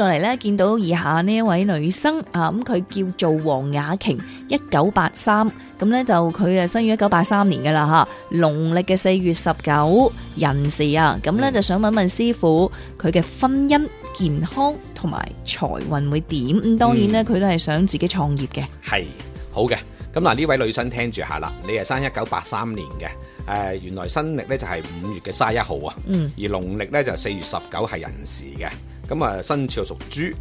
再嚟咧，見到以下呢一位女生啊，咁佢叫做黃雅瓊，一九八三咁咧就佢啊生於一九八三年噶啦吓，農曆嘅四月十九，人時啊，咁咧就想問問師傅佢嘅婚姻、健康同埋財運會點咁？當然咧，佢都係想自己創業嘅係好嘅。咁嗱呢位女生聽住下啦，你係生一九八三年嘅。誒，原來新曆咧就係五月嘅卅一號啊，嗯、而農曆咧就四月十九係人時嘅，咁啊生肖屬豬，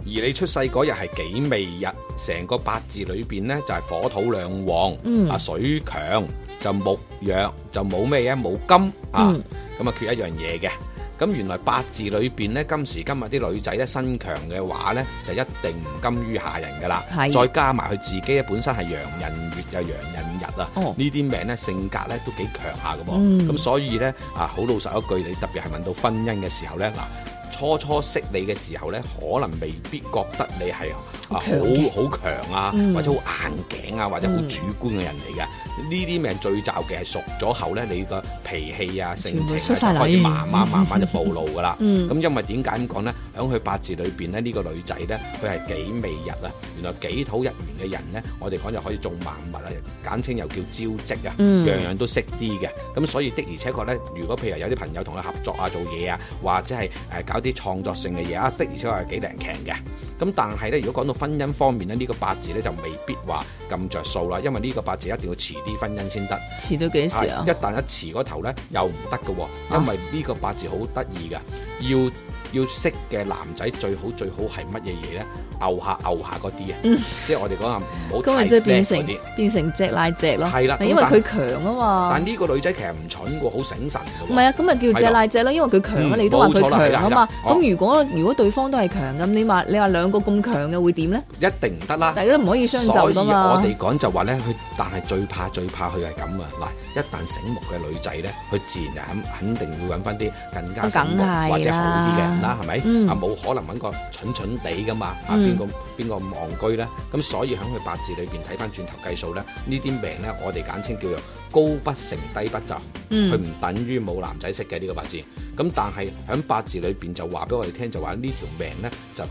而你出世嗰日係己未日，成個八字裏邊咧就係火土兩旺，啊、嗯、水強就木弱就冇咩啊冇金、嗯、啊，咁啊缺一樣嘢嘅。咁原來八字裏邊咧，今時今日啲女仔咧身強嘅話咧，就一定唔甘於下人噶啦。是再加埋佢自己咧本身係陽人月又陽人日啊，呢啲、哦、名咧性格咧都幾強下嘅喎。咁、嗯、所以咧啊，好老實一句，你特別係問到婚姻嘅時候咧，嗱。初初識你嘅時候呢，可能未必覺得你係啊好好強啊，嗯、或者好硬頸啊，或者好主觀嘅人嚟嘅。呢啲命最習嘅係熟咗後呢，你個脾氣啊、性情啊，就開始慢慢慢慢就暴露㗎啦。咁、 嗯、因為點解咁講呢？響佢八字裏邊、這個、呢，呢個女仔呢，佢係己未日啊。原來己土日元嘅人呢，我哋講就可以做萬物啊，簡稱又叫招積啊，嗯、樣樣都識啲嘅。咁所以的而且確呢，如果譬如有啲朋友同佢合作啊、做嘢啊，或者係誒搞啲創作性嘅嘢啊，的而且確係幾靈強嘅。咁、啊、但係咧，如果講到婚姻方面咧，呢、呢個八字咧就未必話咁着數啦。因為呢個八字一定要遲啲婚姻先得，遲到幾時啊？一旦一遲嗰頭咧又唔得噶，啊、因為呢個八字好得意噶，要。要識嘅男仔最好最好係乜嘢嘢咧？牛下牛下嗰啲啊，即係我哋講下，唔好太叻嗰啲，變成隻賴隻咯。係啦，因為佢強啊嘛。但呢個女仔其實唔蠢嘅喎，好醒神。唔係啊，咁咪叫隻賴隻咯，因為佢強啊，你都話佢強啊嘛。咁如果如果對方都係強咁，你話你話兩個咁強嘅會點咧？一定唔得啦。大家都唔可以相就。所以我哋講就話咧，佢但係最怕最怕佢係咁啊！嗱，一旦醒目嘅女仔咧，佢自然就肯肯定會揾返啲更加醒或者好啲嘅。啦，係咪啊？冇、嗯啊、可能揾個蠢蠢地噶嘛、嗯啊？啊，邊個邊個戇居咧？咁所以喺佢八字裏邊睇翻轉頭計數咧，呢啲命咧，我哋簡稱叫做高不成低不就。佢唔、嗯、等於冇男仔識嘅呢、呢個八字。咁、啊、但係喺八字裏邊就話俾我哋聽，就話呢條命咧就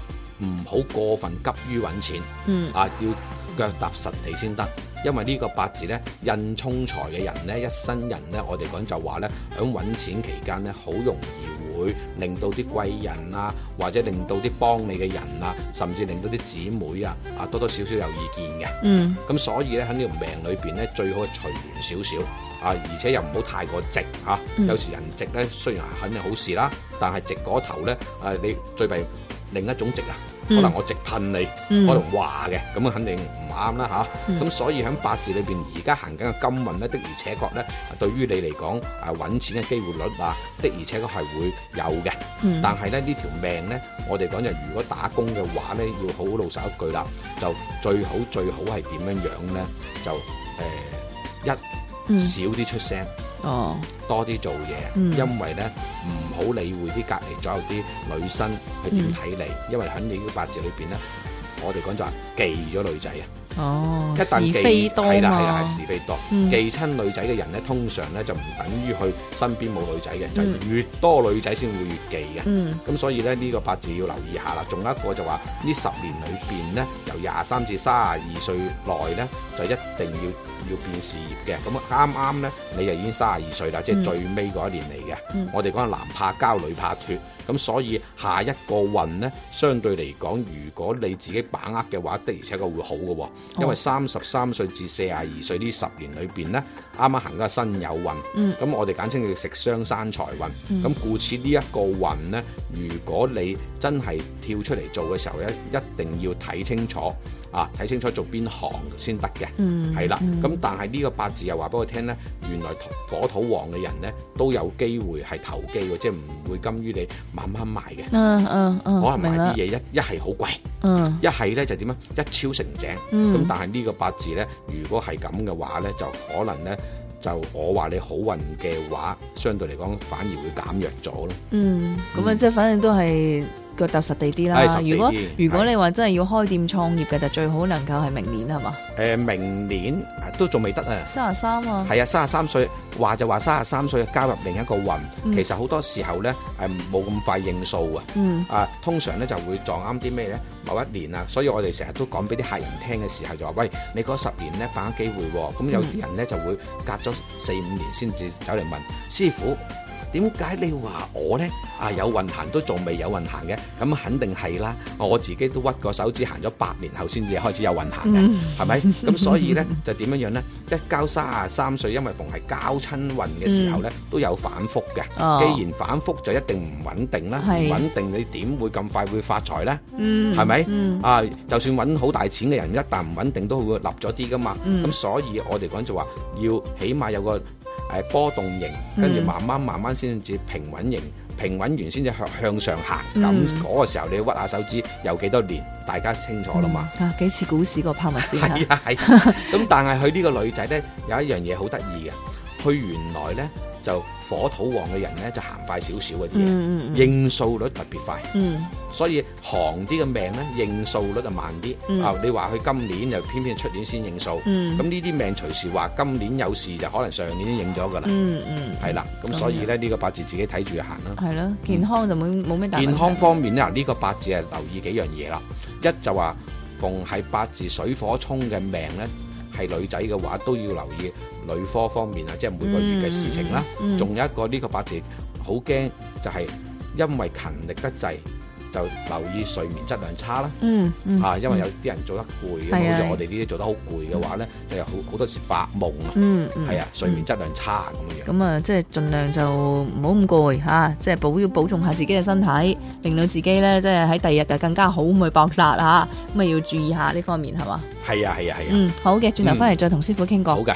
唔好過分急於揾錢。嗯、啊，要腳踏實地先得，因為呢個八字咧印沖財嘅人咧，一生人咧，我哋講就話咧喺揾錢期間咧，好容易。會令到啲貴人啊，或者令到啲幫你嘅人啊，甚至令到啲姊妹啊，啊多多少少有意見嘅。嗯，咁所以咧，喺呢個命裏邊咧，最好係隨緣少少啊，而且又唔好太過直嚇。啊嗯、有時人直咧，雖然係肯定好事啦，但係直嗰頭咧，誒、啊、你最弊另一種直啊。可能、嗯、我直噴你，可能話嘅，咁啊、嗯、肯定唔啱啦吓，咁、嗯、所以喺八字裏邊而家行緊嘅金運咧，的而且確咧，對於你嚟講啊，揾錢嘅機會率啊，的而且確係會有嘅，嗯、但係咧，呢條命咧，我哋講就如果打工嘅話咧，要好好老實一句啦，就最好最好係點樣樣咧，就誒、呃、一、嗯、少啲出聲，哦、多啲做嘢，嗯、因為咧。嗯好理會啲隔離左右啲女生係點睇你，嗯、因為喺你個八字裏邊咧，我哋講就話忌咗女仔啊。哦，一旦忌是非多啊，是，是，是，是非多，忌親、嗯、女仔嘅人咧，通常咧就唔等於去身邊冇女仔嘅，就係、越多女仔先會越忌嘅。嗯，咁所以咧呢、呢個八字要留意下啦。仲有一個就話呢十年裏邊咧，由廿三至卅二歲內咧，就一定要。要變事業嘅，咁啊啱啱呢，你就已經三十二歲啦，嗯、即係最尾嗰一年嚟嘅。嗯、我哋講男怕交，女怕脫，咁所以下一個運呢，相對嚟講，如果你自己把握嘅話，的而且確會好嘅、哦。因為三十三歲至四十二歲呢十年裏邊呢，啱啱行緊個身有運。咁、嗯、我哋簡稱叫食傷生財運。咁、嗯、故此呢一個運呢，如果你真係跳出嚟做嘅時候咧，一定要睇清楚。啊！睇清楚做邊行先得嘅？係啦。咁但係呢個八字又話俾我聽咧，原來火土旺嘅人咧都有機會係投機喎，即係唔會甘於你慢慢賣嘅。嗯嗯嗯。可能賣啲嘢一一係好貴，嗯，一係咧就點樣？一超成井。嗯。咁、嗯、但係呢個八字咧，如果係咁嘅話咧，就可能咧就我話你好運嘅話，相對嚟講反而會減弱咗咯。嗯，咁啊、嗯，即係反正都係。腳踏實地啲啦， 如果點如果你話真係要開店創業嘅，就最好能夠係明年係嘛？誒、呃，明年都仲未得啊，三十三啊，係啊，三十三歲話就話三十三歲加入另一個運，嗯、其實好多時候咧係冇咁快應數啊，嗯、啊，通常咧就會撞啱啲咩咧？某一年啊，所以我哋成日都講俾啲客人聽嘅時候就話：喂，你嗰十年咧把握機會喎，咁、啊、有啲人咧就會隔咗四五年先至走嚟問師傅。點解你話我呢？啊，有運行都仲未有運行嘅，咁肯定係啦。我自己都屈個手指行咗八年後，先至開始有運行嘅，係咪？咁所以呢，就點樣樣呢？一交三啊三歲，因為逢係交親運嘅時候呢，都有反覆嘅。既然反覆就一定唔穩定啦。唔穩定你點會咁快會發財呢？係咪？啊，就算揾好大錢嘅人，一旦唔穩定都會立咗啲噶嘛。咁所以我哋講就話要起碼有個。誒，波動型，跟住慢慢慢慢先至平穩型，嗯、平穩完先至向向上行。咁嗰、嗯嗰個時候你屈下手指，有幾多年，大家清楚啦嘛、嗯。啊，幾似股市個拋物線。係啊係。咁 啊啊、但係佢呢個女仔咧，有一樣嘢好得意嘅。佢原來咧就火土旺嘅人咧就行快少少嘅嘢，應數、嗯嗯、率特別快。嗯、所以寒啲嘅命咧應數率就慢啲。啊、嗯哦，你話佢今年就偏偏出年先應數，咁呢啲命隨時話今年有事就可能上年都應咗噶啦。係啦、嗯，咁、嗯、所以咧呢、嗯、個八字自己睇住行啦。係咯，健康就冇冇咩大問題。健康方面啦，呢、呢個八字係留意幾樣嘢啦。一就話逢係八字水火沖嘅命咧。係女仔嘅話，都要留意女科方面啊，即係每個月嘅事情啦。仲、嗯嗯、有一個呢、呢個八字，好驚就係、是、因為勤力得滯。就留意睡眠質量差啦，嚇、嗯嗯啊，因為有啲人做得攰嘅，好似、嗯、我哋呢啲做得好攰嘅話咧，就有好好多時發夢，係、嗯嗯、啊，睡眠質量差咁嘅樣咁啊，即係盡量就唔好咁攰嚇，即係保要保重下自己嘅身體，令到自己咧即係喺第二日嘅更加好唔去搏殺嚇，咁啊要注意下呢方面係嘛？係啊係啊係啊！啊啊啊嗯，好嘅，轉頭翻嚟再同師傅傾過。嗯、好嘅。